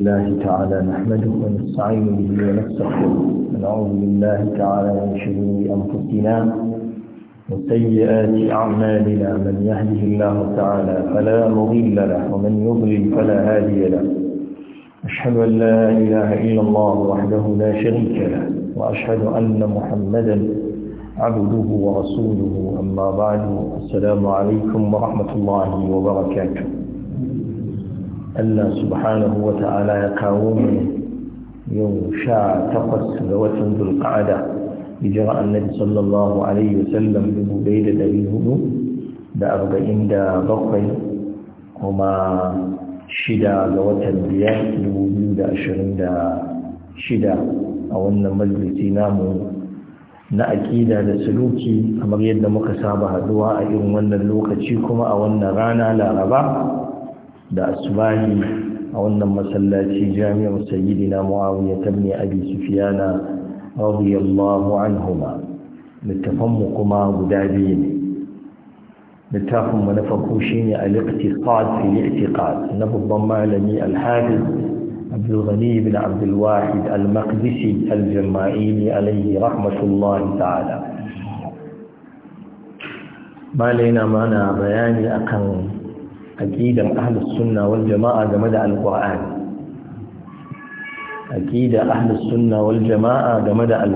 الله تعالى نحمده ونستعين به ونستغفره ونعوذ بالله تعالى من شرور انفسنا وسيئات اعمالنا من يهده الله تعالى فلا مضل له ومن يضلل فلا هادي له اشهد ان لا اله الا الله وحده لا شريك له واشهد ان محمدا عبده ورسوله اما بعد السلام عليكم ورحمه الله وبركاته Allah subhanahu wa ta'ala ya kawo mu yau sha takwas ga watan zulqa'ada hijira annabi sallallahu alaihi wasallam dubu ɗaya da ɗari hudu da arba'in da bakwai kuma shida ga watan biyar dubu biyu da ashirin da shida a wannan majalisi namu na aƙida da suluki kamar yadda muka saba haduwa a irin wannan lokaci kuma a wannan rana laraba da asbahi a wannan masallaci jami'ar sayyidina muawiya tabni abi sufyana radiyallahu anhuma littafan mu kuma guda biyu ne littafin mu na farko shine al-iqtisad fi al-i'tiqad na babban malami al-hafiz عبد الغني بن عبد الواحد المقدسي الجمائيلي عليه رحمة الله تعالى ما لنا معنا بياني أكن aqidan ahlus sunna wal jama'a game da alqur'ani aqida ahlus sunna wal jama'a game da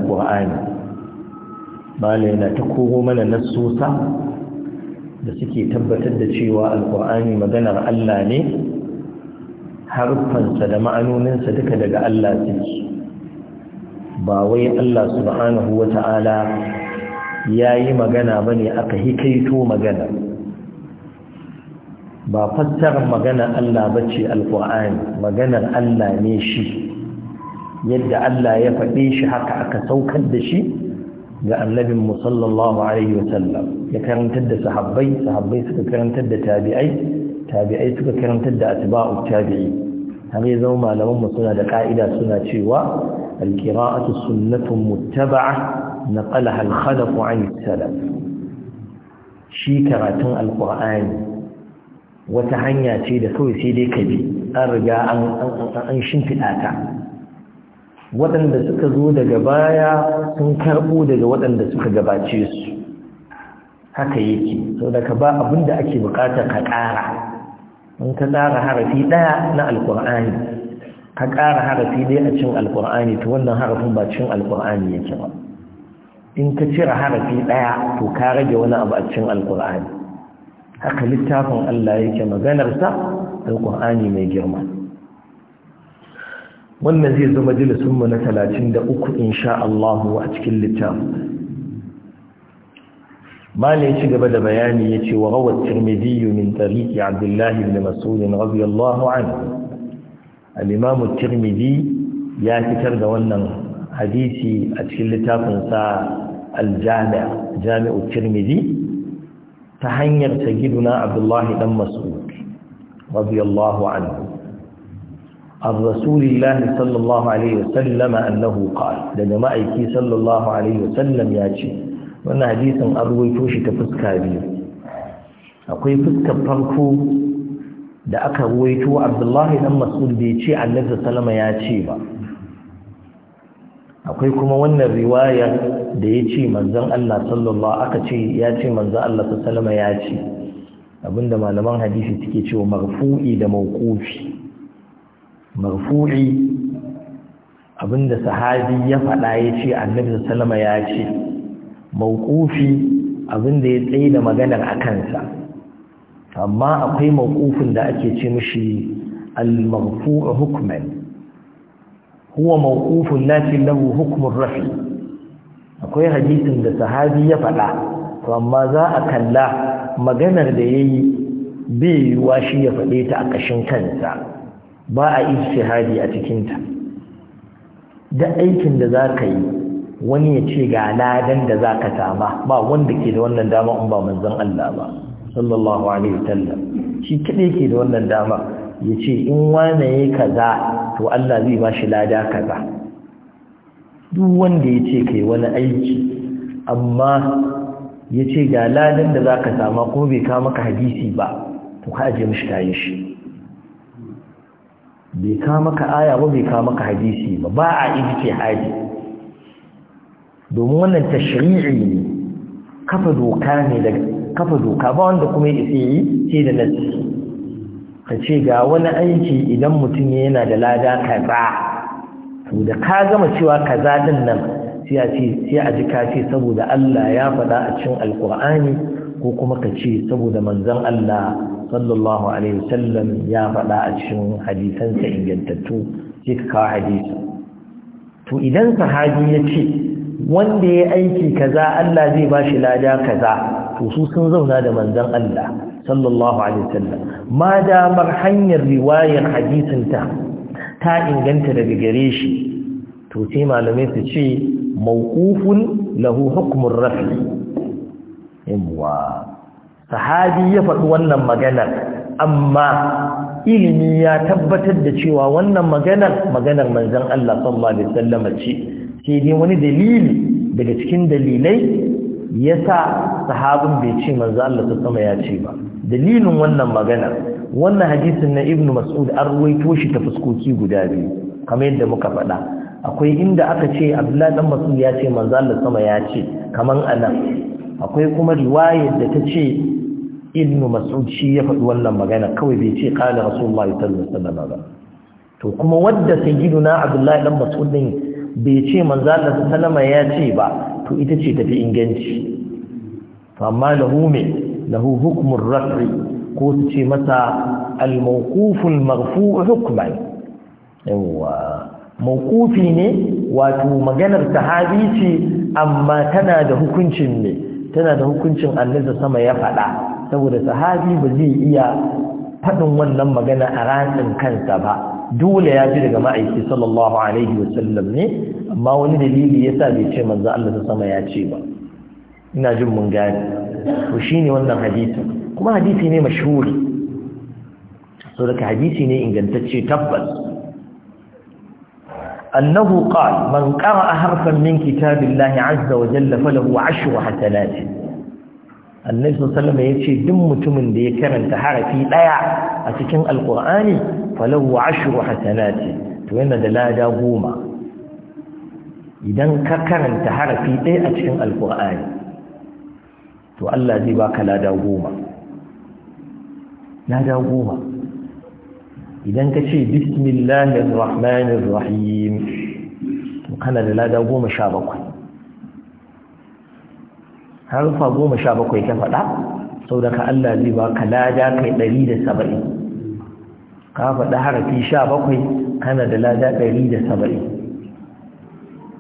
na ta koro mana nassosa da suke tabbatar da cewa alqur'ani maganar Allah ne harfansa da ma'anoninsa duka daga Allah suke ba wai Allah subhanahu wa ta'ala ya yi magana ba ne aka hikaito magana ba fassarar maganar Allah ba ce alƙur'ani maganar Allah ne shi yadda Allah ya faɗe shi haka aka saukar da shi ga annabin musallallahu alaihi wasallam ya karantar da sahabbai sahabbai suka karantar da tabi'ai tabi'ai suka karantar da atba'u tabi'i har ya zama malaman mu suna da ka'ida suna cewa alqira'atu sunnatun muttaba'a naqalaha al-khalaf 'an salaf shi karatun alqur'ani wata hanya ce da kawai sai dai ka bi an riga an shimfiɗa ta waɗanda suka zo daga baya sun karɓo daga waɗanda suka gabace su haka yake sau ba abin da ake buƙatar ka ƙara in ka ƙara harafi ɗaya na alƙur'ani ka ƙara harafi dai a cin alƙur'ani to wannan harafin ba cin alƙur'ani yake ba in ka cire harafi ɗaya to ka rage wani abu a cin alƙur'ani haka littafin Allah yake maganarsa alƙur'ani mai girma wannan zai zama jilisunmu na 33 insha Allah a cikin littafin mala ya ci gaba da bayani ya ce wa rawar tirmidhi min tariki abdullahi ibn mas'ud radiyallahu anhu al-imam tirmidhi ya fitar da wannan hadisi a cikin littafin sa al jami'u tirmidhi ta hanyar sayyiduna abdullahi dan mas'ud radiyallahu anhu عن رسول الله صلى الله عليه وسلم أنه قال لأن ما أيكي صلى ya ce, وسلم ياتي وأن حديثا أروي ta fuska biyu. Akwai فسكا farko da aka ruwaito abdullahi dan mas'ud bai ce annabi sallama ya ce ba akwai kuma wannan riwaya da ya ce manzon Allah sallallahu aka ce ya ce manzon Allah sallallahu ya ce abinda malaman hadisi suke cewa marfu'i da mawqufi marfu'i abinda sahabi ya faɗa ya ce annabi sallallahu ya ce mawqufi abinda ya tsaye da maganar a kansa amma akwai mawqufin da ake ce mishi al-marfu'u hukman huwa mawqufun lakin lahu hukmun rafi akwai hadisin da sahabi ya faɗa to amma za a kalla maganar da yayi bai yiwuwa shi ya faɗe ta a ƙashin kansa ba a ijtihadi a cikinta da aikin da za ka yi wani ya ce ga ladan da za ka sama ba wanda ke da wannan dama in ba manzon Allah ba sallallahu alaihi wasallam shi kaɗai ke da wannan dama ya ce in wane kaza to Allah zai ba shi lada kaza duk wanda yace ce kai wani aiki amma yace ce ga ladan da zaka sama ko bai ka maka hadisi ba to ka aje mishi kayan shi bai ka maka aya ba bai ka maka hadisi ba ba a ibce haji domin wannan tashri'i ne kafa doka ne da kafa doka ba wanda kuma ya isi yi ce da nasi ka ce ga wani aiki idan mutum yana da lada kaza to da ka gama cewa kaza din nan sai a ji ka ce saboda Allah ya faɗa a cikin alkur'ani ko kuma ka ce saboda manzon Allah sallallahu alaihi wasallam ya faɗa a cikin hadisansa ingantattu sai ka kawo hadisi to idan sahabi ya ce wanda ya aiki kaza Allah zai ba shi lada kaza to su sun zauna da manzon Allah sallallahu alaihi wasallam ma damar hanyar riwayar hadisin ta ta inganta daga gare shi to sai malamai su ce mawqufun lahu hukmur rafi yawa sahabi ya faɗi wannan maganar amma ilimi ya tabbatar da cewa wannan maganar maganar manzon Allah sallallahu alaihi wasallam ce sai dai wani dalili daga cikin dalilai ya sa sahabin bai ce manzo Allah ta sama ya ce ba dalilin wannan magana wannan hadisin na Ibn Mas'ud an ruwaito shi ta fuskoki guda biyu kamar yadda muka faɗa akwai inda aka ce Abdullahi dan Mas'ud ya ce manzo Allah sama ya ce kaman anan akwai kuma riwayar da ta ce Ibn Mas'ud shi ya faɗi wannan magana kawai bai ce qala Rasulullahi sallallahu alaihi wasallam ba to kuma wadda sayyiduna abdullahi dan Mas'ud din bai ce manzo ta ya ce ba to ita ce tafi inganci amma lahu mai lahu raf'i ko su ce masa al-mawquful marfu' hukumai yawwa maukufi ne wato maganar sahabi ce amma tana da hukuncin ne tana da hukuncin annabi sama ya faɗa saboda sahabi ba zai iya faɗin wannan magana a ratsin kansa ba dole ya ji daga ma'aiki sallallahu alaihi wasallam ne amma wani dalili ya sa bai ce manzo Allah ta sama ya ce ba ina jin mun gane to shine wannan hadisi kuma hadisi ne mashhuri so daga hadisi ne ingantacce tabbas annahu qala man qara'a harfan min kitabillahi azza wa jalla falahu ashru hasanat annabi sallallahu alaihi wasallam yace duk mutumin da ya karanta harafi daya a cikin alkur'ani falahu ashru hasanati to yana da lada goma idan ka karanta harafi ɗaya a cikin alkur'ani to Allah zai ka lada goma lada goma idan ka ce bismillahir rahmanir rahim to kana da lada goma sha bakwai harfa goma sha bakwai ka faɗa sau da ka Allah zai ba ka lada kai ɗari da saba'in ka faɗi harafi sha bakwai kana da lada ɗari da saba'in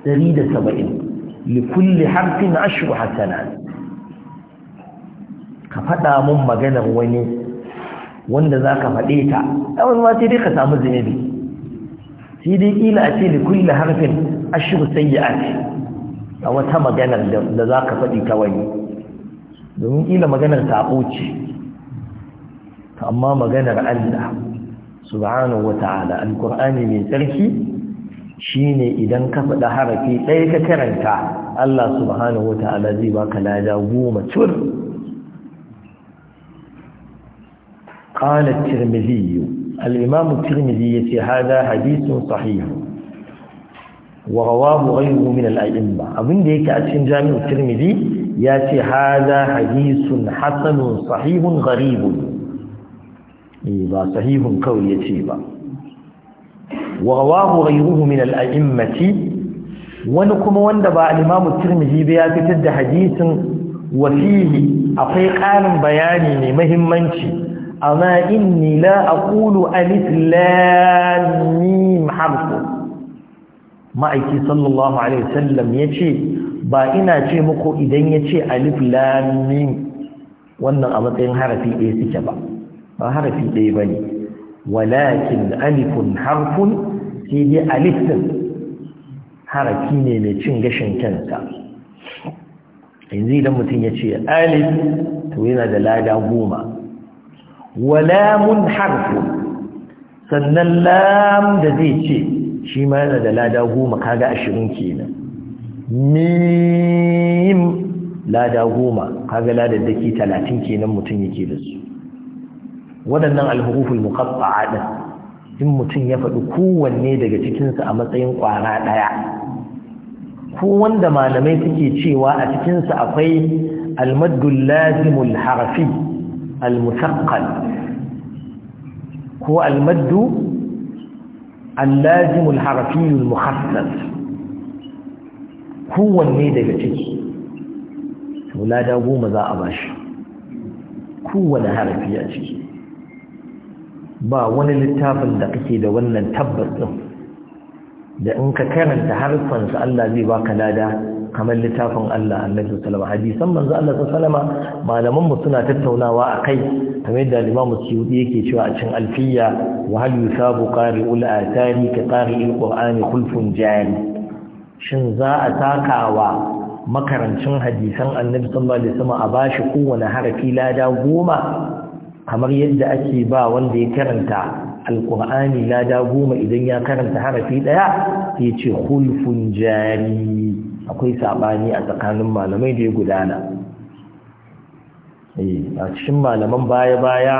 ɗari da saba'in likulli harfin ashiru hasana ka faɗa mun maganar wani wanda za ka faɗe ta ɗawon ma sai dai ka samu zunubi sai dai ƙila a ce likulli harfin ashiru sai ya a wata maganar da za ka faɗi ta wani domin ila maganar taɓo ce amma maganar Allah subhanahu wata'ala alkur'ani mai tsarki shine idan ka faɗi harafi ɗaya ka karanta Allah subhanahu wata'ala zai baka laja goma cur qalat tirmidhi al-imam tirmidhi yace hada hadithun sahih wa rawahu ghayru min al-a'imma abinda yake a cikin jami'u tirmidhi ya ce haza hadisun hasanun sahihun gharibun eh, ba sahihun kawai ya ce ba wawahu ghayruhu min al wani kuma wanda ba al-Imam Tirmidhi ba ya fitar da hadisin wasihi akwai ƙarin bayani mai muhimmanci amma inni la aqulu alif lam mim ma'aiki sallallahu alaihi wasallam yace ba ina ce muku idan ya ce alif lamin wannan a matsayin harafi ɗaya suke ba ba harafi ɗaya ba ne walakin alifun harfun sai dai alif ɗin harafi ne mai cin gashin kanta yanzu idan mutum ya ce alif to yana da lada goma walamun harfun sannan lam da zai ce shi ma yana da lada goma kaga ashirin kenan mim lada goma kaga ladaddaki talatin kenan mutum yake da su waɗannan alhuruful muqatta'a din in mutum ya faɗi kowanne daga cikinsa a matsayin ƙwara ɗaya ko wanda malamai suke cewa a cikinsa akwai almaddul lazimul harfi almusaqqal ko almaddu allazimul harfi almukhassas kowanne daga ciki lada goma za a bashi kowane harafi a ciki ba wani littafin da kake da wannan tabbas ɗin da in ka karanta harfansa Allah zai baka lada kamar littafin Allah annabi sallama hadisan manzo Allah sallama malaman mu suna tattaunawa akai kamar da Limamu Suyuti yake cewa a cikin alfiya wa hal yusabu qari'ul atari ka qari'il qur'ani khulfun jari shin za a takawa makarancin hadisan annabi sallallahu alaihi wasallam a bashi kowane harafi lada goma kamar yadda ake ba wanda ya karanta alqur'ani lada goma idan ya karanta harfi daya Ya ce khulfun jari akwai sabani a tsakanin malamai da ya gudana eh a cikin malaman baya baya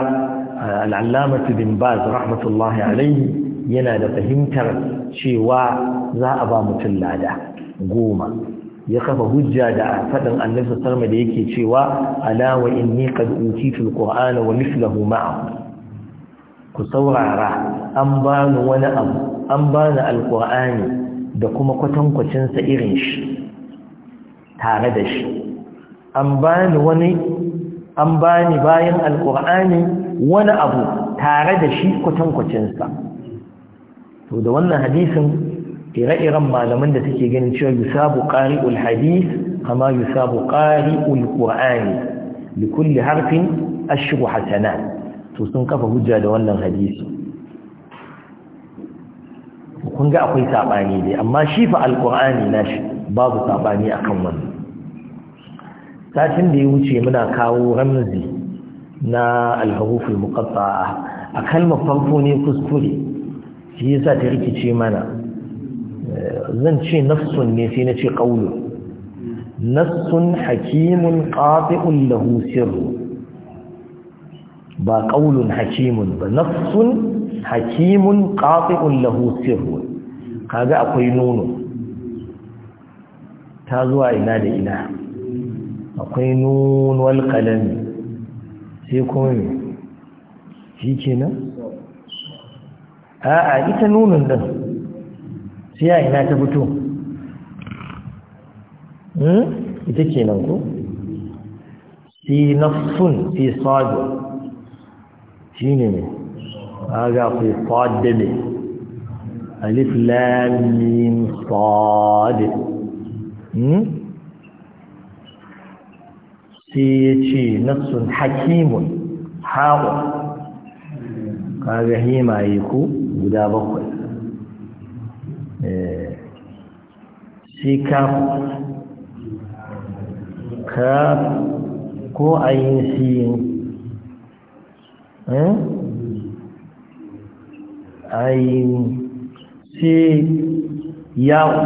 al-allamah bin baz rahmatullahi alaihi yana da fahimtar cewa za a ba mutum lada goma ya kafa hujja da faɗin annabi sarma da yake cewa ala wa inni qad utitu alqur'ana wa mithluhu ma'a ku saurara an bani wani abu an bani alqur'ani da kuma kwatankwacin irin shi tare da shi an bani wani an bani bayan alqur'ani wani abu tare da shi kwatankwacinsa to da wannan hadisin ire-iren malaman da suke ganin cewa yusabu qari'ul hadith kama yusabu qari'ul qur'ani li kulli harfin ashru Hassana to sun kafa hujja da wannan hadisi kun ga akwai sabani dai amma shi fa alqur'ani nashi babu sabani akan wannan satin da ya wuce muna kawo ramzi na alhawuful muƙasa a kalmar farko ne kuskure shi yasa ta rikice mana zan ce nafsun ne sai na ce ƙaunu nafsun hakimun qati'un lahu sirru ba ƙaunun hakimun ba nafsun hakimun ƙafi'un lahu sirru kaga akwai nono ta zuwa ina da ina akwai nun wal kalami sai kuma shi kenan a'a ita nunin din sai a ina ta fito hmm? ita kenan nan ko si nafsun fi sadu shine ne aga fi alif mim sad hmm? sai ya ce nafsun hakimun hawa kaga himaye ko guda bakwai eh, shi kafu kafu ko ayin siyin eh, ayin sai yawo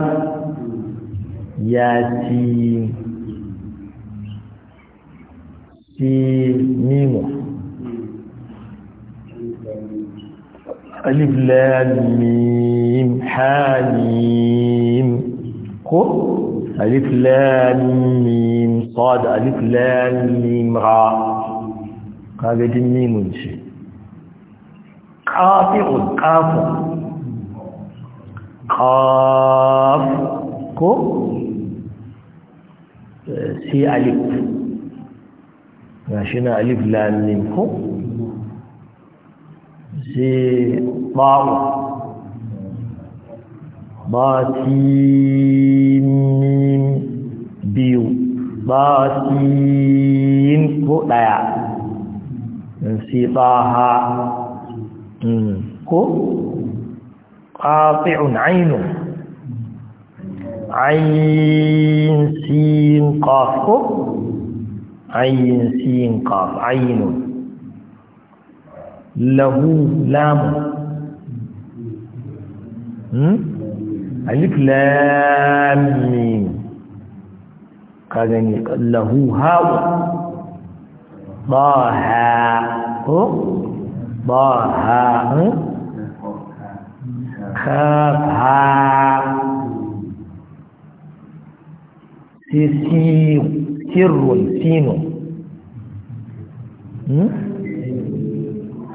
ya ci si mimo alif lam mim hamim ko alif lam mim sad alif lam mim ra kaga din mimun ce qafi'un qafu qaf ko sai alif gashi na alif lam mim ko sai ba'u ba biyu yin ko ɗaya sai ɓaha ko ƙafi'un ainu ayin sin ƙaf ko ayin siyin ƙaf ainun له لام ألف لام ميم كذلك له هاو ضاها ضاها خافها سير سين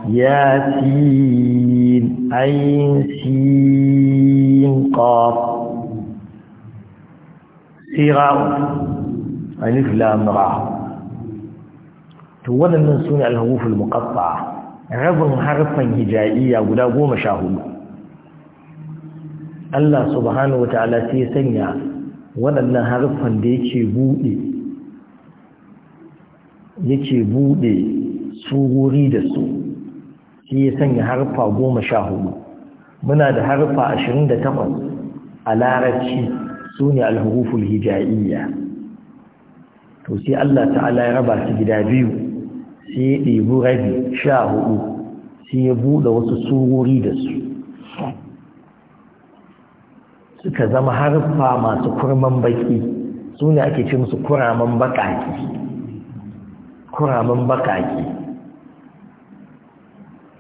yasin ayin sin qaf sira alif ra to waɗannan sune al-huruful muqatta'a rabin harfan hijaiya guda goma sha hudu Allah subhanahu wata'ala sai sanya waɗannan harfan da yake buɗe yake buɗe su wuri da su shi ya sanya harfa goma sha hudu muna da harfa ashirin da takwas a larabci su ne alhuruful hija'iyya to sai Allah ta'ala ya raba su gida biyu sai ya ɗebi rabi sha hudu sai ya buɗe wasu surori da su suka zama harfa masu kurman baki su ne ake ce musu kuraman bakaki kuraman bakaki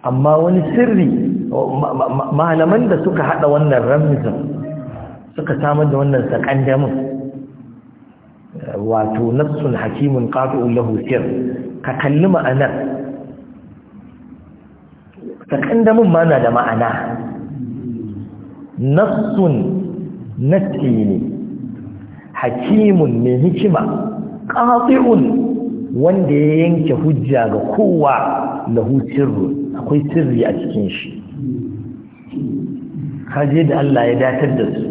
amma wani sirri malaman da suka hada wannan ramizin suka samar da wannan sakandamin wato nafsun hakimun ƙafi'un, lahu sir ka kalli ma'anar sakandamin ma na da ma'ana nafsun nafsi ne hakimun mai hikima Ƙafi'un, wanda ya yanke hujja ga kowa lahu sirrun akwai sirri a cikin shi kaje da Allah ya datar da su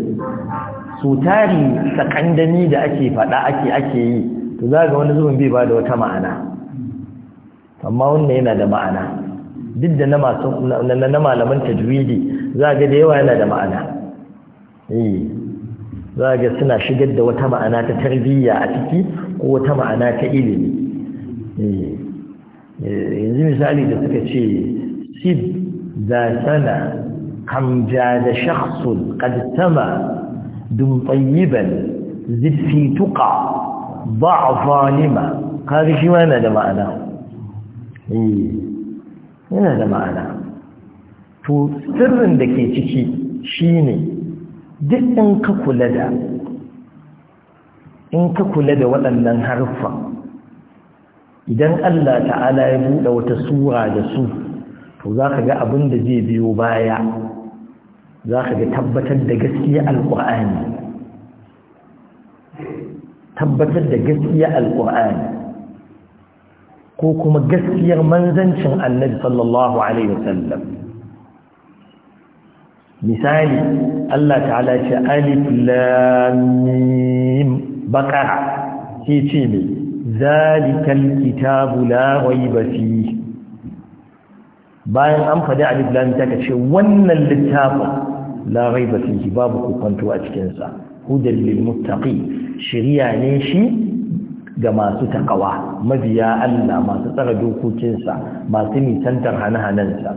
su tari sakandani da ake faɗa ake ake yi to za wani zubin bai ba da wata ma'ana amma wannan yana da ma'ana duk da na malaman tajwidi za da yawa yana da ma'ana eh, za ga suna shigar da wata ma'ana ta tarbiyya a ciki ko wata ma'ana ta ilimi eh. yanzu misali da suka ce sib za sana kamja da shakhsun qad sama dum tayyiban zifi tuqa ba zalima kaga shi ma yana da ma'ana eh, yana da ma'ana to sirrin da ke ciki shine duk in ka kula da in ka kula da waɗannan harfan idan Allah ta'ala ya buɗe wata sura da su to za ka ga abin da zai biyo baya za ka ga tabbatar da gaskiya alƙur'ani tabbatar da gaskiya alƙur'ani ko kuma gaskiyar manzancin annabi sallallahu alaihi wasallam misali Allah ta'ala ce alif lam mim baqara ce me zalikan kitabu la raiba bayan an faɗi alif lam ta ce wannan littafin la raiba fihi babu kokonto a cikin sa hudal lil muttaqi ne shi ga masu takawa mabiya Allah masu tsara dokokin sa masu nisantar hane hanansa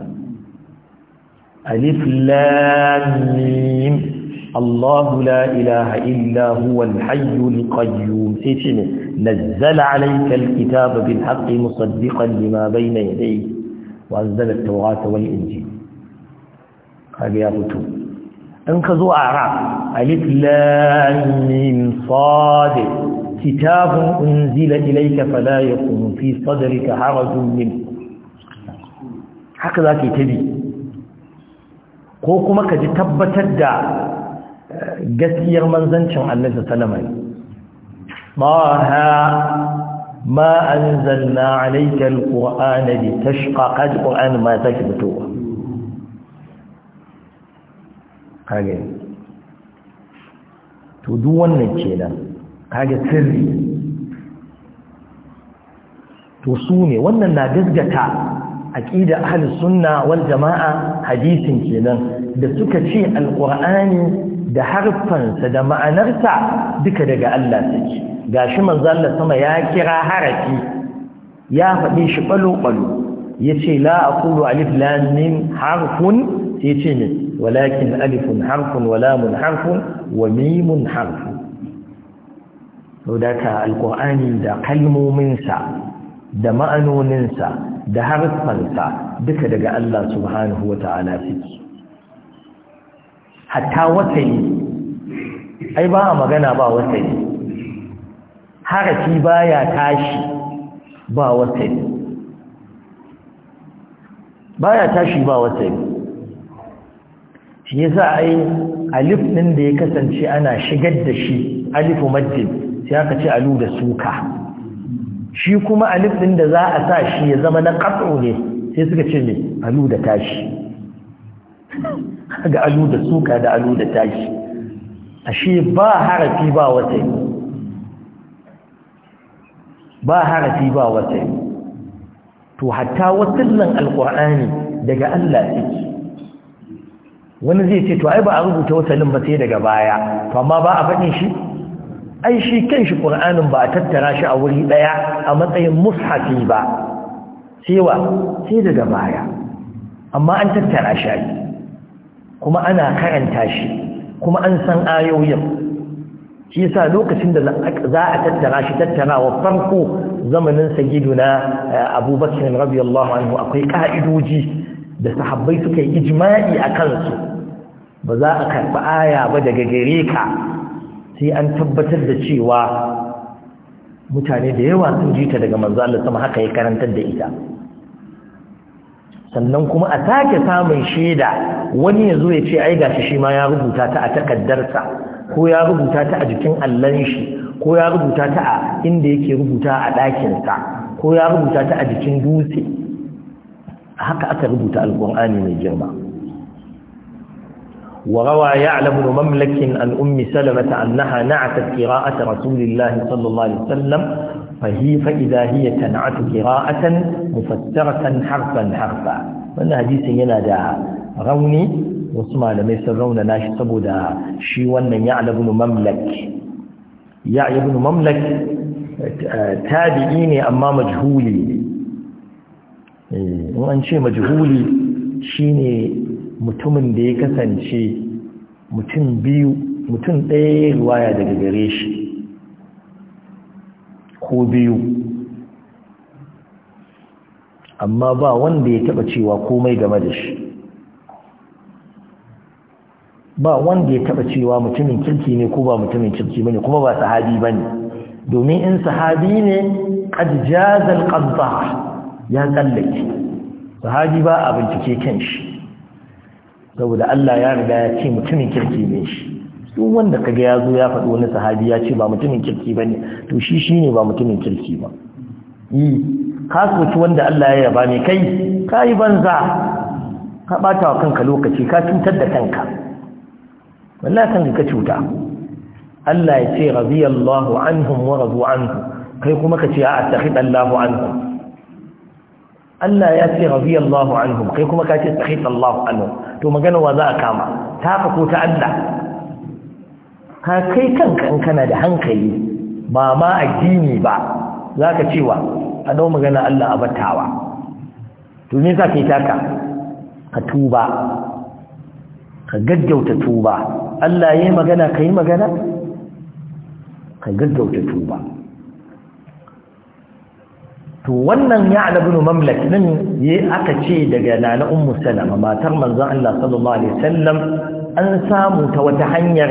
alif lam mim الله لا إله إلا هو الحي القيوم سيتني نزل عليك الكتاب بالحق مصدقا لما بين يديه وأنزل التوراة والإنجيل قال يا رتو انقذوا أعراب ألف لام صادق كتاب أنزل إليك فلا يكون في صدرك حرج منه هكذا كتبي ko kuma مكة ji tabbatar da gaskiyar manzancin annabi sallama ha ma anzalna alayka alqur'ana litashqa qad qur'an ma saki fitowa kage to duk wannan kenan kage sirri to su ne wannan na gaskata aqida ahli sunna wal jama'a hadisin kenan da suka ce alqur'ani da harfansa da ma'anarsa duka daga Allah take gashi manzo Allah sama ya kira harafi ya faɗi shi balo-balo yace la aqulu alif lam harfun? harfun ce ne walakin alifun harfun wa harfun wa mimun harfun to ka alqur'ani da kalmominsa da ma'anoninsa da harfansa duka daga Allah subhanahu wataala suke hatta wasali ai ba a magana ba wasali harafi ya tashi ba Ba ya tashi ba wasali shi a ai alif ɗin da ya kasance ana shigar da shi alifu maddin sai aka ce alu da suka shi kuma alif ɗin da za a sa shi ya zama na qat'u ne sai suka ce ne alu da tashi ga alu da suka da alu da tashi ashe ba harafi ba wata ba harafi ba wata to hatta wasillan alqur'ani daga Allah take wani zai ce to ai ba a rubuta wasalin ba sai daga baya to amma ba a faɗin shi ai shi kanshi qur'anin ba a tattara shi a wuri daya a matsayin mushafi ba sai wa sai daga baya amma an tattara shi kuma ana karanta shi kuma an san ayoyin shi yasa lokacin da za a tattara shi tattara wa farko zamanin sayyiduna eh, abubakar radiyallahu anhu akwai ka'idoji da sahabbai suka yi ijma'i a kansu ba za a karɓi aya ba daga gare ka sai an tabbatar da cewa mutane da yawa sun ji ta daga manzo Allah sama haka ya karantar da ita sannan kuma a sake samun shaida wani ya zo ya ce ai gashi shi ma ya rubuta ta a takaddarsa ko ya rubuta ta a jikin allon shi ko ya rubuta ta a inda yake rubuta a ɗakinsa ko ya rubuta ta a jikin dutse haka aka rubuta alƙur'ani mai girma wa يعلم بن mamlakin al'ummi, أم سلمة أنها نعتت قراءة رسول الله sallallahu الله عليه فهي فإذا هي تنعت mufassara kan حرفا حرفا wannan hadisin yana da rauni wasu malamai sun rauna na shi saboda shi wannan ya ibn mamlak ya ibn mamlak tabi'i ne amma majhuli in an ce majhuli shine mutumin da ya kasance mutum biyu mutum ɗaya ruwaya daga gare shi ko biyu amma ba wanda ya taba cewa komai game da shi ba wanda ya taba cewa mutumin kirki ne ko ba mutumin kirki bane kuma ba sahabi bane domin in sahabi ne qad jaza qadha ya tsallake sahabi ba a bincike kan shi saboda Allah ya riga ya ce mutumin kirki ne shi duk wanda kaga ya zo ya faɗi wani sahabi ya ce ba mutumin kirki ba ne to shi shi ne ba mutumin kirki ba yi ka soki wanda Allah ya yaba ne kai ka yi banza ka ɓata wa kanka lokaci ka cutar da kanka wallahi kanka ka cuta Allah ya ce radiyallahu anhum wa radu anhu kai kuma ka ce a attakhid Allahu anhum Allah ya ce radiyallahu anhum kai kuma ka ce attakhid Allahu anhum to magana wa za a kama ta fa ta Allah ka kai kanka in kana da hankali ba ma addini ba za ka cewa a dau magana Allah a batawa. to me yasa kai taka ka tuba ka gaggauta tuba Allah yayi magana kai magana ka gaggauta tuba to wannan ya ibn mamlak nan yayi aka ce daga nana ummu salama matar manzon Allah sallallahu alaihi wasallam an samu ta wata hanyar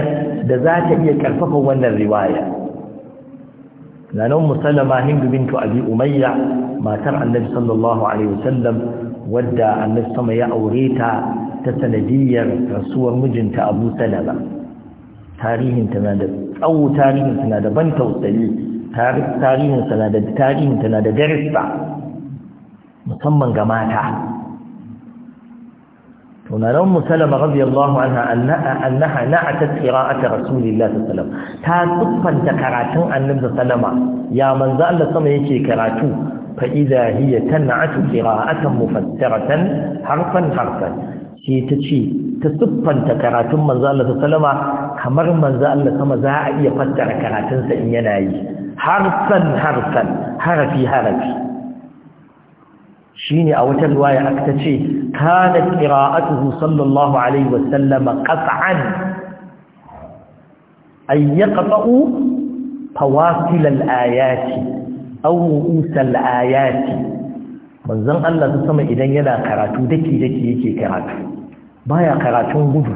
da za ta iya karfafa wannan riwaya nanon musallama hindu bintu abi umayya matar annabi sallallahu alaihi wasallam wadda annabi sama ya aure ta ta sanadiyar rasuwar mijinta abu salama tarihinta na da tsawo na da ban tausayi na da darissa musamman ga mata هنا أم سلمة رضي الله عنها أنها, أنها نعتت قراءة رسول الله صلى الله عليه وسلم تاتفا تكراتن أن نبذ سلمة يا من ذا الله سمع يشي كراتو فإذا هي تنعت قراءة مفسرة حرفا حرفا شي تشي تسفا تكراتن من ذا الله سلمة كمر من ذا الله سمع ذا أي فتر كراتن سإن يناي حرفا حرفا حرفي حرفي shine a wata riwaya aka ce kana qira'atuhu sallallahu alaihi wasallam qat'an ay yaqta'u fawasil al-ayati aw ru'us al-ayati manzon Allah ta sama idan yana karatu dake dake yake karatu baya karatun gudu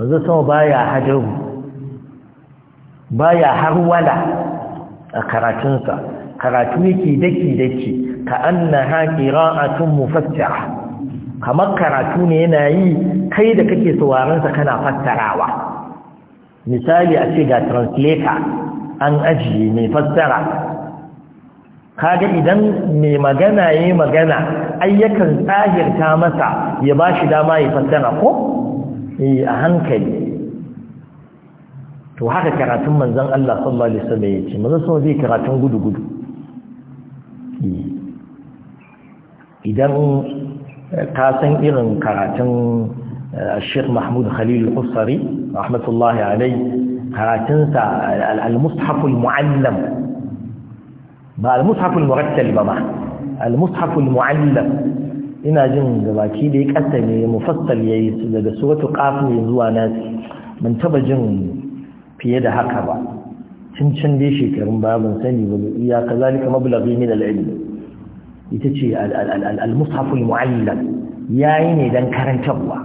manzon sama baya hajaru baya harwala a karatunsa karatu yake dake dake Ka ka'annaha qira'atun mufassara kamar karatu ne yana yi kai da kake sauraron sa kana fassarawa misali a ce ga translator an ajiye mai fassara ga idan mai magana yayi magana ayyakan tsahirta masa ya bashi dama ya fassara ko eh a hankali to haka karatun manzon Allah sallallahu alaihi wasallam ce, manzon sallallahu zai karatun gudu gudu eh. idan eh, ka san irin karatun eh, Sheikh Mahmud Khalil Husari rahmatullahi alaihi karatunsa al-Mushaf al-Mu'allam ba al-Mushaf al-Murattal ba al-Mushaf al-Mu'allam ina jin da baki da ya kasame mufassal yayi daga suratu qaf ne zuwa nasi ban taba jin fiye da haka ba cincin dai shekarun babin sani ba iya kazalika mablaghi min al-ilm ita ce al mushaf al mu'allam yayi ne dan karantawa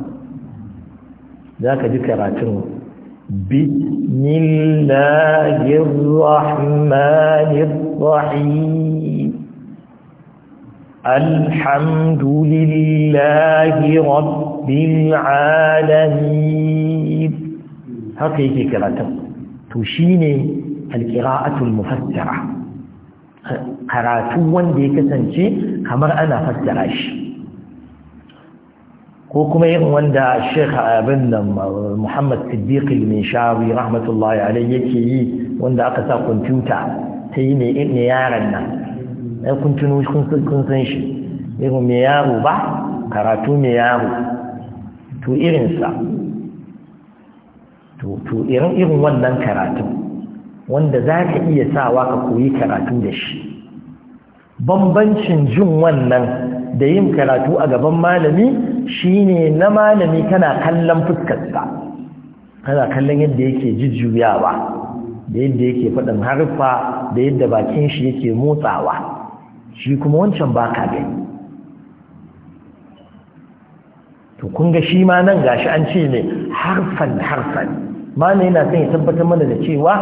zaka ji karatun bismillahir rahmanir rahim alhamdulillahi rabbil alamin haka yake karatun to shine al-qira'atul mufassara karatu wanda ya kasance kamar ana fassara shi ko kuma yin wanda Sheikh abin nan Muhammad Siddiq al-Mishawi rahmatullahi alayhi yake yi wanda aka sa kwamfuta ta yi mai ne yaran nan ai kun tuno kun san shi irin mai yaro ba karatu mai yaro to irinsa to irin irin wannan karatun wanda za ka iya sawa ka koyi karatu da shi bambancin jin wannan da yin karatu a gaban malami shine na malami kana kallon fuskarsa kana kallon yadda yake jujjuyawa da yadda yake faɗin harfa da yadda bakin shi yake motsawa shi kuma wancan baka gani to kun ga shi ma nan gashi an ce ne harfan harfan mana yana son ya tabbatar mana da cewa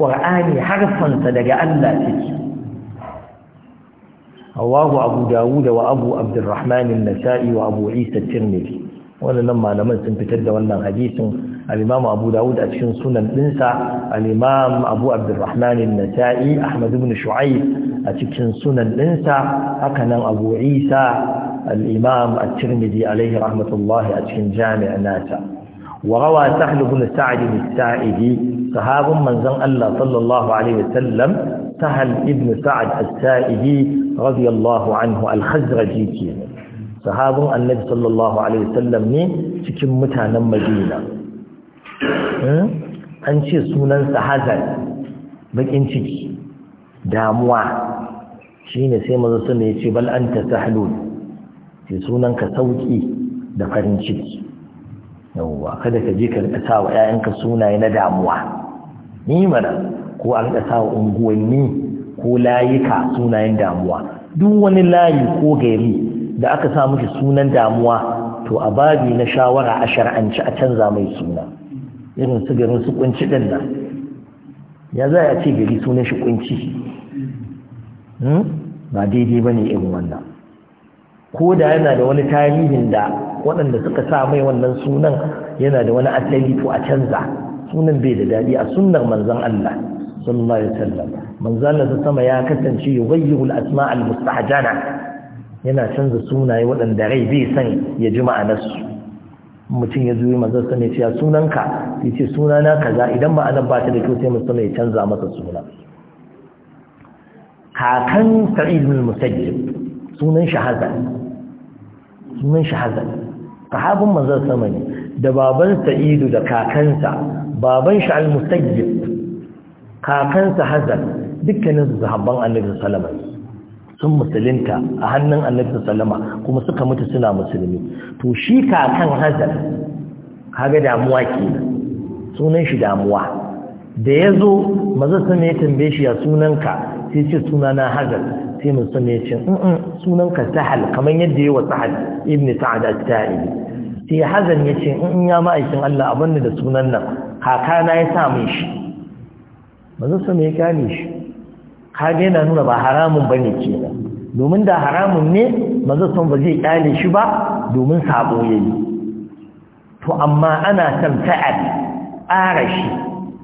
ƙwar'ani harfansa daga Allah take Allahu Abu Dawud wa Abu Abdurrahman an-Nasa'i wa Abu Isa at-Tirmidhi wannan malaman sun fitar da wannan hadisin al-Imam Abu Dawud a cikin sunan dinsa al-Imam Abu Abdurrahman an-Nasa'i Ahmad ibn Shu'aib a cikin sunan dinsa haka nan Abu Isa al-Imam at-Tirmidhi alayhi rahmatullah a cikin jami'a nata وروى سهل بن سعد الساعدي صحاب من زن الله صلى الله عليه وسلم سهل بن سعد الساعدي رضي الله عنه الخزرجي صحاب النبي صلى الله عليه وسلم ني cikin mutanen Madina an ce sunan Hazan bakin ciki damuwa shine sai mazo sun ya ce bal anta sahlun sunan ka sauki da farin ciki yawwa kada ka je ka rika sa wa ƴaƴanka sunaye na damuwa ni mana ko an ka sa unguwanni ko layuka sunayen damuwa duk wani layi ko gari da aka sa miki sunan damuwa to a babi na shawara a shar'anci a canza mai suna irin su garin su kunci din nan ya za a ce gari sunan shi kunci hmm? ba daidai bane irin wannan ko da yana da wani tarihin da waɗanda suka sa mai wannan sunan yana da wani asali to a canza sunan bai da daɗi a sunnar manzon Allah sallallahu alaihi wasallam manzon Allah sama ya kasance yughayyiru al-asma' al-mustahjana yana canza sunaye waɗanda rai bai san ya ji ma'anarsu mutum ya zuwa manzon sa ne ya sunanka ya ce sunana kaza idan ma'anar ba ta da kyau sai mutum ya canza masa suna kakan sa'id bin musayyib sunan shahada sunan shi Hazan manzon sama ne da baban Sa'idu da kakansa baban shi al-Musayyib kakansa Hazan dukkanin su sahabban Annabi sallallahu alaihi sun musulunta a hannun Annabi wasallam kuma suka mutu suna musulmi to shi kakan Hazan kaga damuwa ke sunan shi damuwa da ya zo maza sama ya tambaye shi ya sunanka sai ce suna na hazal sai san ya ce sunan ka sahal kamar yadda yi wa sahal ibn sa'ad at-ta'i sai hazal ya ce in ya ma'aikin Allah abin da sunan nan na ya sa min shi manzo sun ya kyale shi kaga yana nuna ba haramun bane kenan domin da haramun ne manzo sun ba zai kyale shi ba domin sabo yayi to amma ana san ta'ad arashi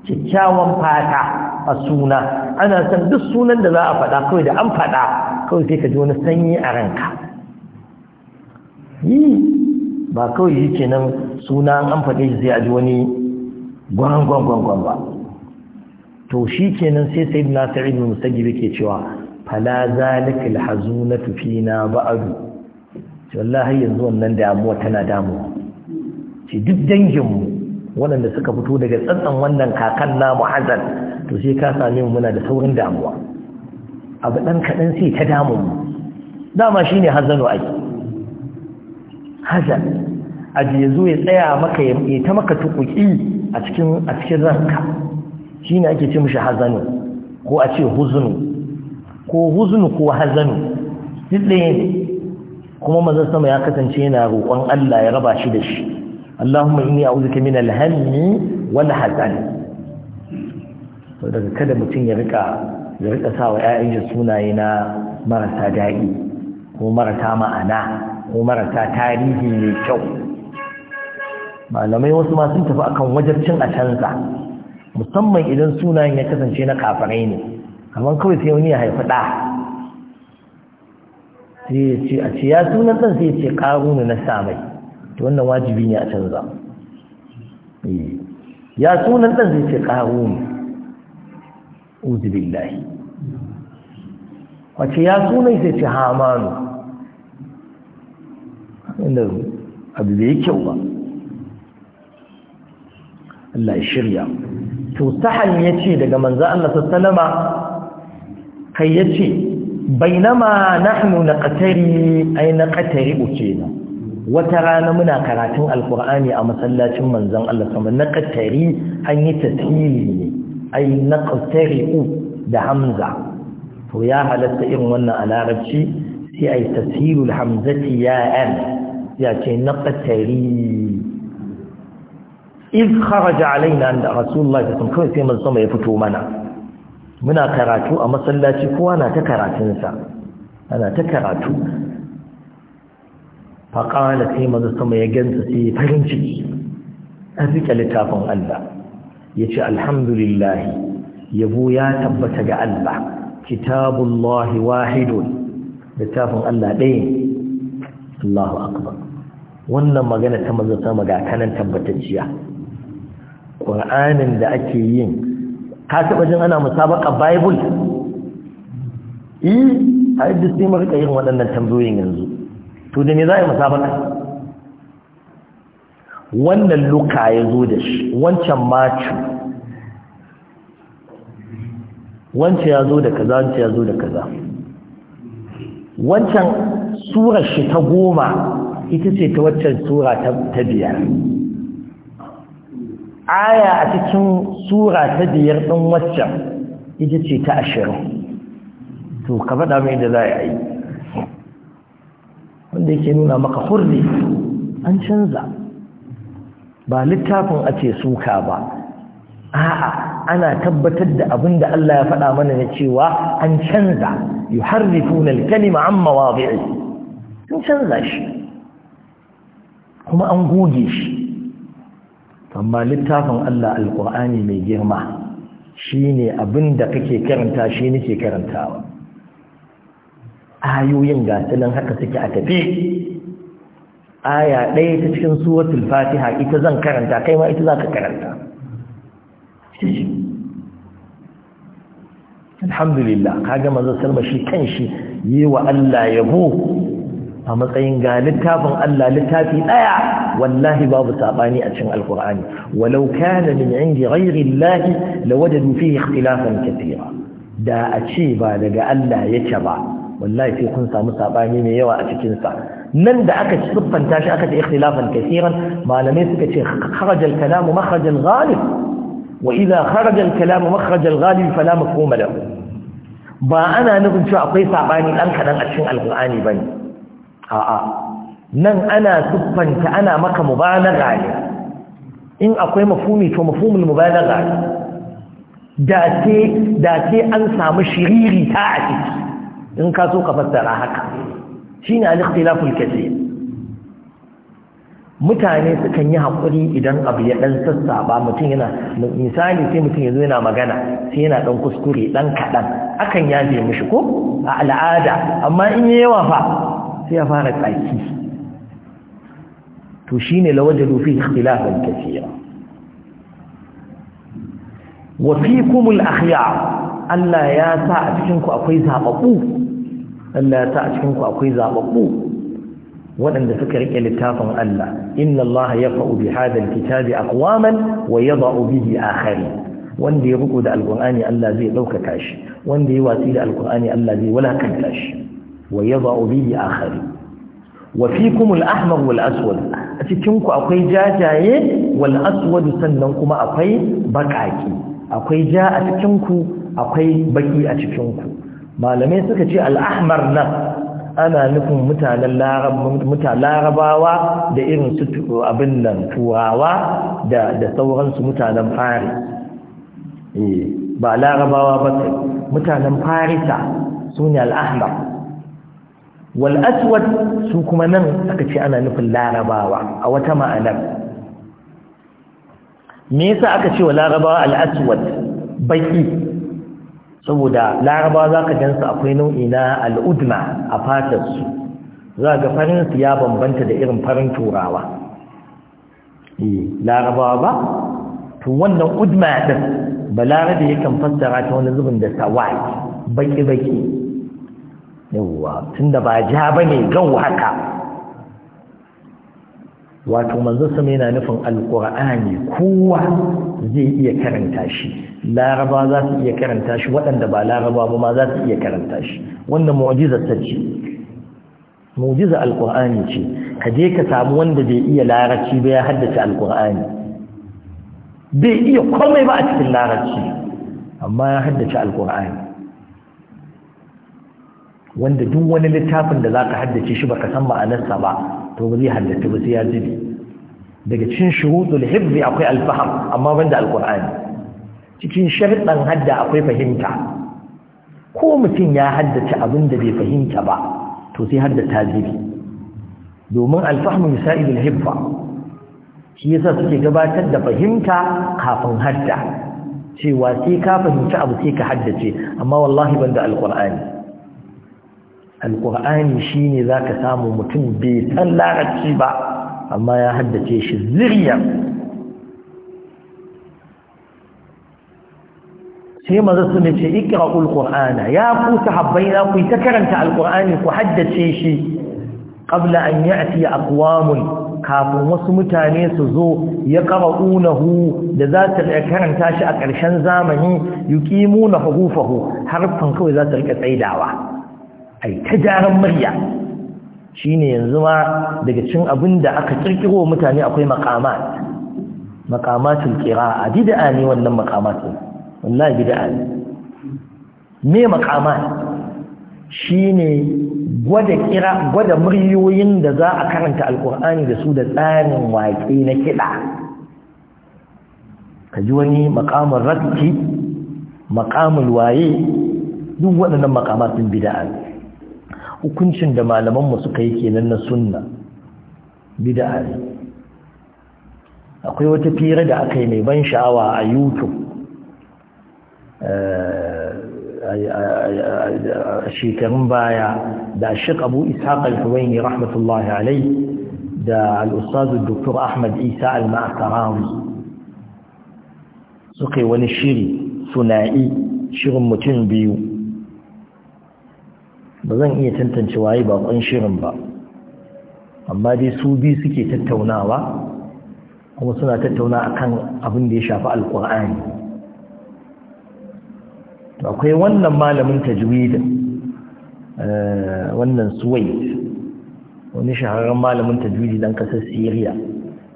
kyakkyawan fata a suna ana son duk sunan da za a faɗa kawai da an faɗa kawai sai ka ji wani sanyi a ranka yi ba kawai yi kenan suna an faɗe shi sai a ji wani gwangwangwangwan ba to shi kenan sai sai na sa'id bin musajjib yake cewa fala zalika tufina ba'adu. ba'du wallahi yanzu wannan damuwa tana damuwa ce duk danginmu waɗanda suka fito daga tsantsan wannan kakan namu hazan to sai ka sami mu muna da saurin damuwa abu ɗan kaɗan sai ta damu mu dama shi ne hazano ake hazan aji ya zo ya tsaya maka ya ta maka tukuki a cikin ranka shi ne ake ce mashi hazano ko a ce huzunu ko huzunu ko hazanu duk kuma mazan sama ya kasance yana roƙon Allah ya raba shi da shi Allahumma inni a'udhuka min al-hammi wal hazan daga kada mutum ya rika ya rika sa wa ƴaƴan sunaye na marasa daɗi ko marasa ma'ana ko marasa tarihi mai kyau malamai wasu ma sun tafi akan wajabcin a canza musamman idan sunayen ya kasance na kafirai ne kamar kawai sai wani ya haifi ɗa sai ya ce a ce ya sunan ɗan sai ya ce ne na samai to wannan wajibi ne a canza eh, ya sunan ɗan ya ce ne uzu billahi wace ya sunai sai ce hamanu inda abu bai kyau ba Allah ya shirya to sahal ya ce daga manzo Allah sallama kai ya ce bainama nahnu na ay naqtari ucena wata rana muna karatun alqur'ani a masallacin manzon Allah sama naqtari an yi tasiri ne ai naqtari'u da hamza to ya halatta irin wannan a larabci sai ai tashilul hamzati ya an ya ce naqtari iz kharaja alaina da rasulullahi sallallahu alaihi wasallam sai mun sama ya fito mana muna karatu a masallaci kowa na ta sa, ana ta karatu faƙala sai mazu sama ya gansa sai farin ciki an rike littafin Allah ya ce alhamdulillah yabo ya tabbata ga Allah kitabullahi wahidun littafin Allah ɗaya Allahu akbar wannan magana ta manzo ta maga kanan tabbatacciya Qur'anin da ake yin ka taba jin ana musabaka bible eh a yadda sai mu rika yin waɗannan tambayoyin yanzu to da me za a yi musabaka wannan luka ya zo da shi wancan macu wancan ya zo da kaza wancan ya zo da kaza wancan surar shi ta goma ita ce ta waccan sura ta biyar aya a cikin sura ta biyar ɗin waccan ita ce ta ashirin to ka faɗa mai da za a yi wanda yake nuna maka hurri an canza ba littafin a ce suka ba a'a ana tabbatar da abin da Allah ya faɗa mana na cewa an canza yuharrifuna al-kalima an mawadi'i An canza shi kuma an goge shi amma littafin Allah alƙur'ani mai girma shine abin da kake karanta shi nake karantawa ayoyin ga haka suke a tafi aya ɗaya ta cikin suratul fatiha ita zan karanta kai ma ita za ka karanta alhamdulillah kaga manzo salma shi kan shi yi wa Allah yabo a matsayin ga littafin Allah littafi ɗaya wallahi babu sabani a cikin alkur'ani walau kana min indi ghairi Allah lawajadu fihi ikhtilafan katira da a ce ba daga Allah yake ba wallahi sai kun samu sabani mai yawa a cikinsa. nan da aka siffanta shi aka ce ikhtilafan kaseeran malamai suka ce kharaja al-kalamu makhraj al-ghalib wa idha kharaja al-kalamu makhraj al-ghalib fala mafhum lahu ba ana nufin cewa akwai sabani dan kadan a cikin Al-Qur'ani alqur'ani bane a'a nan ana siffanta ana maka mubalagha ne in akwai mafhumi to mafhumul mubalagha da ce da ce an samu shiriri ta a ciki in ka so ka fassara haka shine al-ikhtilaful kaseer mutane sukan yi haƙuri idan abu ya ɗan sassaba mutum yana misali sai mutum ya zo yana magana sai yana ɗan kuskure ɗan kaɗan akan yaje mishi ko a al'ada amma in yi yawa fa sai ya fara tsaki to shi ne lawaje ikhtilafin kasira wa fikumul akhyar Allah ya sa a cikin ku akwai zababu Allah ya sa a cikinku akwai zaɓaɓɓu waɗanda suka rike littafin Allah inna Allah yafa'u bi hadha kitabi aqwaman wa yada'u bihi akharin wanda ya riko da alkur'ani Allah zai ɗaukaka shi wanda ya watsi da alkur'ani Allah zai walakanta shi wa yadha'u bihi akhari wa fikum al-ahmar wal aswad a cikinku akwai jajaye wal aswad sannan kuma akwai baƙaƙi akwai ja a cikin ku akwai baƙi a cikin ku malamai suka ce al'ahmar nan ana nufin mutanen larabawa da irin su abin nan turawa da sauransu mutanen fari eh, ba larabawa ba mutanen farisa su ne al'ahmar wal'aswad su kuma nan aka ce ana nufin larabawa a wata ma'anar me yasa aka ce wa larabawa al'aswad baki saboda laraba za ka gansu akwai nau'i na al'udma a fatarsu za ga farinsu ya bambanta da irin farin turawa eh, larabawa ba to wannan udma ɗin balarabe yakan fassara ta wani zubin da sawaki baki-baki yawwa tunda ba ja ba ne gau haka wato manzon sama yana nufin alkur'ani kowa zai iya karanta shi laraba za su iya karanta shi waɗanda ba laraba ba ma za su iya karanta shi wannan mu'jizar ta ce mu'jiza alqur'ani ce ka je ka samu wanda bai iya larabci ba ya haddace alqur'ani bai iya komai ba a cikin larabci amma ya haddace alqur'ani wanda duk wani littafin da zaka haddace shi baka san ma'anarsa ba to ba zai halatta ba sai ya jibi daga cikin shurutul hibbi akwai alfaham amma banda alqur'ani cikin sharɗan hadda akwai fahimta ko mutum ya haddace abin da bai fahimta ba to sai hadda ta domin alfahmu yusa'idul hibba shi yasa suke gabatar da fahimta kafin hadda cewa sai ka fahimci abu sai ka haddace amma wallahi banda alqur'ani alƙur'ani shi ne za ka samu mutum bai san larabci ba amma ya haddace shi zirya sai maza su ne ce ikira'ul ƙur'ana ya ku sahabbai na ku ta karanta alƙur'ani ku haddace shi ƙabla an yi a fiye akwamun kafin wasu mutane su zo ya ƙara'unahu da za ta karanta shi a ƙarshen zamani yuƙimu na harufahu harfin kawai za ta riƙa tsaidawa ai ta jaran murya shine yanzu ma daga cin abin da aka kirkiro mutane akwai maqamat maqamatul qira'a bid'a ne wannan maqamatul wallahi bid'a ne me maqamat shine gwada kira gwada muryoyin da za a karanta alkur'ani da su da tsarin waƙe na kiɗa ka ji wani makamun rakki makamun waye duk waɗannan maƙamatun bida'a hukuncin da malamanmu suka yi kenan na sunna bid'a ne akwai wata fira da aka yi mai ban sha'awa a youtube eh, a shekarun baya da shek abu ishaq al-huwaini rahmatullahi alai da al'ustazu dr ahmad isa al-ma'asarawi suka yi wani shiri suna'i shirin mutum biyu ba zan iya tantance waye ba bakon shirin ba amma dai su biyu suke tattaunawa kuma suna tattauna akan abin da ya shafi alkur'ani akwai wannan malamin tajwidin eh, wannan suwaid wani shahararren malamin tajwidi dan kasar syria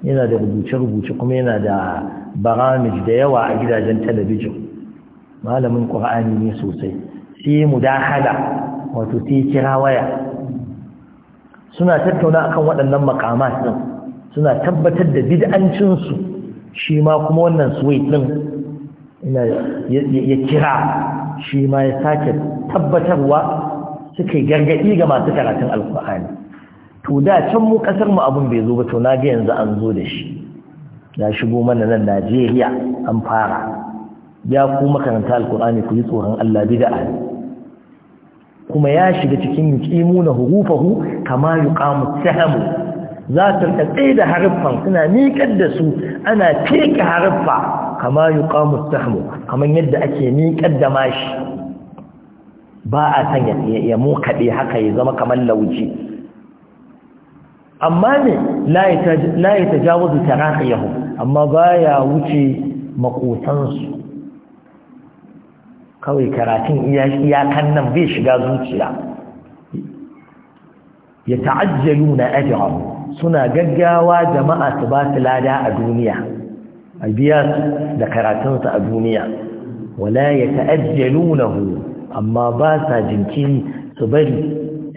yana da rubuce-rubuce kuma yana da baramij da yawa a gidajen talabijin malamin ƙur'ani ne sosai sai mudakala wato sai kira waya suna tattauna kan waɗannan makamas ɗin suna tabbatar da bid'ancinsu shi ma kuma wannan suwait ɗin ya kira shi ma ya sake tabbatarwa suka yi gargaɗi ga masu karatun alkur'ani to da can mu ƙasar mu abin bai zo ba to na ga yanzu an zo da shi ya shigo mana nan Najeriya an fara ya ku makaranta alkur'ani ku yi tsoron Allah bida'a ne kuma ya shiga cikin yuqimu na hurufahu kama yuqamu sahamu za su tsaye da haruffan suna miƙar da su ana teka haruffa kama yuqamu sahamu kamar yadda ake miƙar da mashi ba a san ya mukaɗe haka ya zama kamar lauji amma ne la ya tajawazu taraqiyahu amma baya wuce makotansu kawai karatun iyakan nan bai shiga zuciya ya ta'ajjalu na ajiyar suna gaggawa jama'a su ba su lada a duniya a biya da karatunsu a duniya wala ya ta'ajjalu na hu amma ba sa jinkiri su bari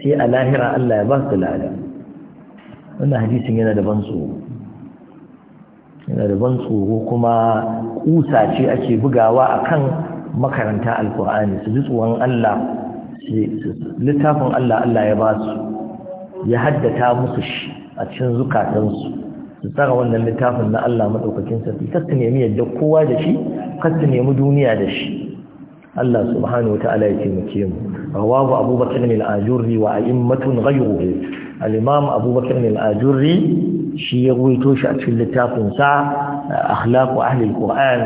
sai a lahira Allah ya ba su lada wannan hadisin yana da ban tsoro yana da ban tsoro kuma kusa ce ake bugawa akan makaranta alkur'ani su ji tsoron Allah littafin Allah Allah ya ba su ya haddata musu shi a cikin zukatansu su tsara wannan littafin na Allah maɗaukakin sarki kar su nemi yadda kowa da shi kar su nemi duniya da shi Allah subhanahu wa ta'ala ya taimake mu rawahu abubakar min al-ajurri wa a'immatun ghayruhu al-imam abubakar min al-ajurri shi ya ruwaito shi a cikin littafin sa akhlaqu ahli al-qur'an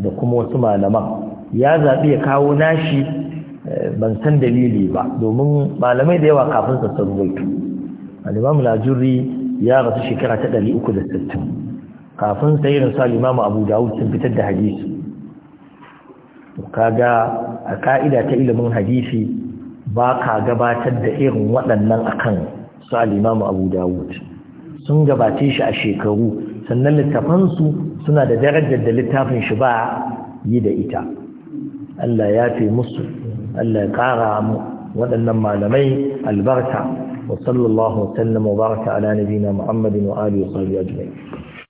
da kuma wasu malaman ya zaɓi ya kawo nashi eh, ban san dalili ba domin malamai da yawa kafin sa san rubutu al-imam al-ajuri ya rasu shekara ta 360 kafin sa irin sa al-imam abu dawud sun fitar da hadisi kaga a ka'ida ta ilimin hadisi ba ka gabatar da irin waɗannan akan su al-imam abu dawud sun gabace shi a shekaru sannan littafansu suna da darajar da littafin shi ba yi da ita Allah ya fi musu Allah ya ƙara mu waɗannan malamai albarka wa sallallahu wa sallam wa baraka ala nabina Muhammadin wa alihi wa sahbihi ajma'in